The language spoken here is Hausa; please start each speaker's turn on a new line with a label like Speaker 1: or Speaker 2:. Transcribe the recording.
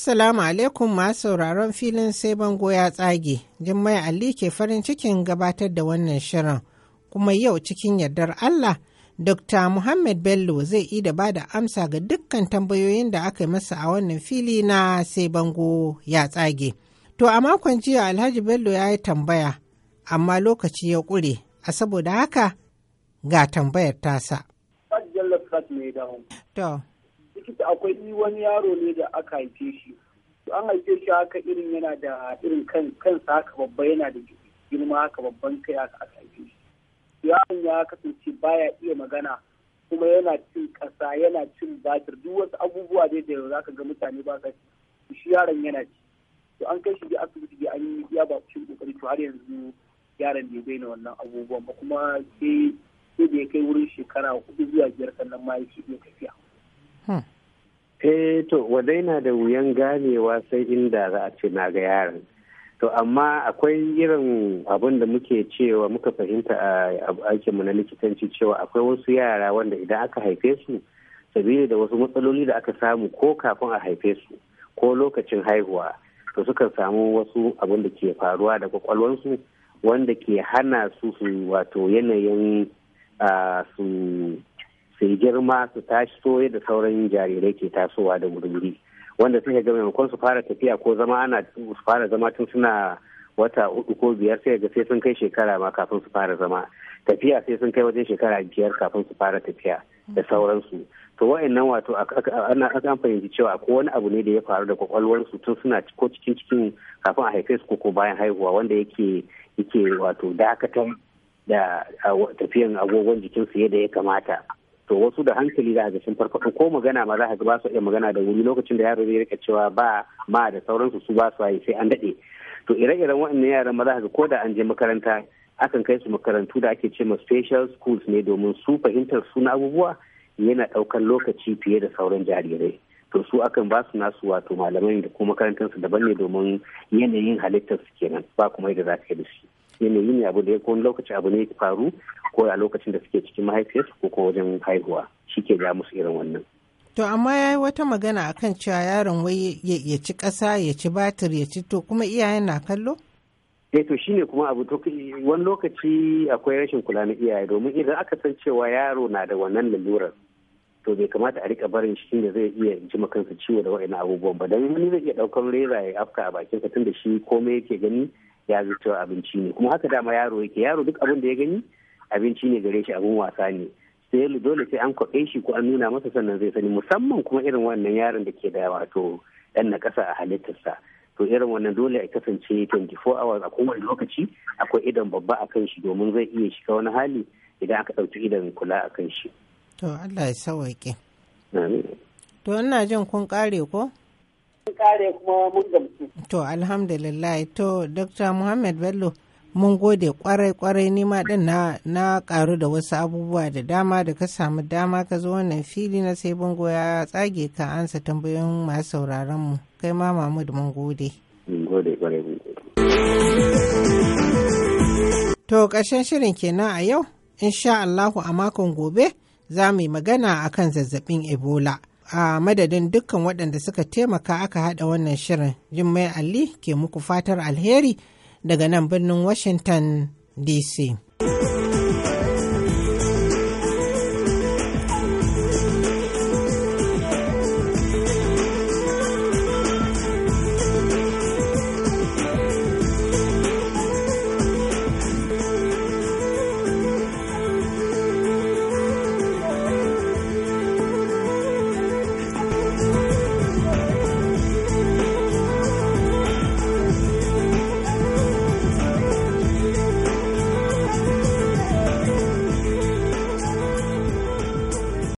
Speaker 1: Assalamu alaikum masu sauraron filin sai bango ya tsage, Jummai Ali ke farin cikin gabatar da wannan shirin, kuma yau cikin yardar Allah, Dr. Muhammad Bello zai yi da bada amsa ga dukkan tambayoyin da aka yi masa a wannan fili na sai bango ya tsage. To a makon jiya Alhaji Bello ya yi tambaya, amma lokaci ya ƙure, a saboda haka ga tambayar tasa.
Speaker 2: da akwai wani yaro ne da aka haife shi an haife shi haka irin yana da irin kan kansa haka babba yana da girma haka babban kai haka aka haife shi yaron ya kasance baya iya magana kuma yana cin kasa yana cin batir duk wasu abubuwa dai da za ka ga mutane ba ka shi yaron yana ci to an kai shi ga asibiti da an yi ya ba shi kokari to har yanzu yaron bai daina wannan abubuwan ba kuma sai
Speaker 3: sai da ya kai wurin shekara hudu zuwa biyar sannan ma
Speaker 2: ya iya tafiya
Speaker 3: eh to wadai na da wuyan ganewa sai inda za a ce na ga yaran to amma akwai irin abin da muke cewa muka fahimta a aikin mu na likitanci cewa akwai wasu yara wanda idan aka haife su sabili da wasu matsaloli da aka samu ko kafin a haife su ko lokacin haihuwa to suka samu wasu abin da ke faruwa da kwakwalwansu wanda ke hana su su wato yanayin su su girma su tashi so yadda sauran jarirai ke tasowa da wurwuri wanda suka ga maimakon su fara tafiya ko zama ana su fara zama tun suna wata uku ko biyar sai ga sai sun kai shekara ma kafin su fara zama tafiya sai sun kai wajen shekara biyar kafin su fara tafiya da sauransu to wa'annan wato an fahimci cewa ko wani abu ne da ya faru da kwakwalwarsu tun suna ko cikin cikin kafin a haife su ko bayan haihuwa wanda yake yake wato dakatar da tafiyan agogon jikinsu yadda ya kamata to wasu da hankali za a ga farfaɗo ko magana ma za a ba su iya magana da wuri lokacin da yaro zai rika cewa ba ma da sauransu su ba su sai an daɗe to ire-iren waɗannan yaran ma za a ga ko da an je makaranta akan kai su makarantu da ake ce ma special schools ne domin su fahimtar su na abubuwa yana ɗaukar lokaci fiye da sauran jarirai to su akan ba su nasu wato malamai da kuma su daban ne domin yanayin halittar su kenan ba kuma yadda za ka yi da shi. yanayi ne abu da ko lokaci abu ne ya faru ko a lokacin da suke cikin mahaifiyarsu ko ko wajen haihuwa shi ke ja musu irin wannan.
Speaker 1: To amma ya yi wata magana akan cewa yaron wai ya ci ƙasa ya ci batir ya ci to kuma iyayen na kallo?
Speaker 3: eh to shine kuma abu to wani lokaci akwai rashin kula na iyaye domin idan aka san cewa yaro na da wannan lalurar to bai kamata a rika barin shi da zai iya jima kansa ciwo da wa'annan abubuwan ba dan wani zai iya ɗaukar reza ya afka a bakinsa tun da shi komai yake gani ya zo cewa abinci ne kuma haka dama yaro yake yaro duk abin da ya gani abinci ne gare shi abin wasa ne sai dole sai an kwaɓe shi ko an nuna masa sannan zai sani musamman kuma irin wannan yaron da ke da wato ɗan na ƙasa a halittarsa to irin wannan dole a kasance 24 hours a kowane lokaci akwai idan babba a kan shi domin zai iya shiga wani hali idan aka ɗauki idan kula a kan shi.
Speaker 1: To Allah ya sawaƙe. To ina jin kun ƙare ko? kare kuma mun gamsu. To alhamdulillah to Dr. Muhammad Bello mun gode kwarai kwarai nima din na na karu da wasu abubuwa da dama da ka samu dama ka zo wannan fili na sai bango ya tsage ka ansa tambayoyin masu sauraron mu kai ma Mahmud mun gode. To ƙarshen shirin kenan a yau insha Allahu a makon gobe za mu yi magana akan zazzabin Ebola. a madadin dukkan waɗanda suka taimaka aka haɗa wannan shirin mai ali ke muku fatar alheri daga nan birnin washington dc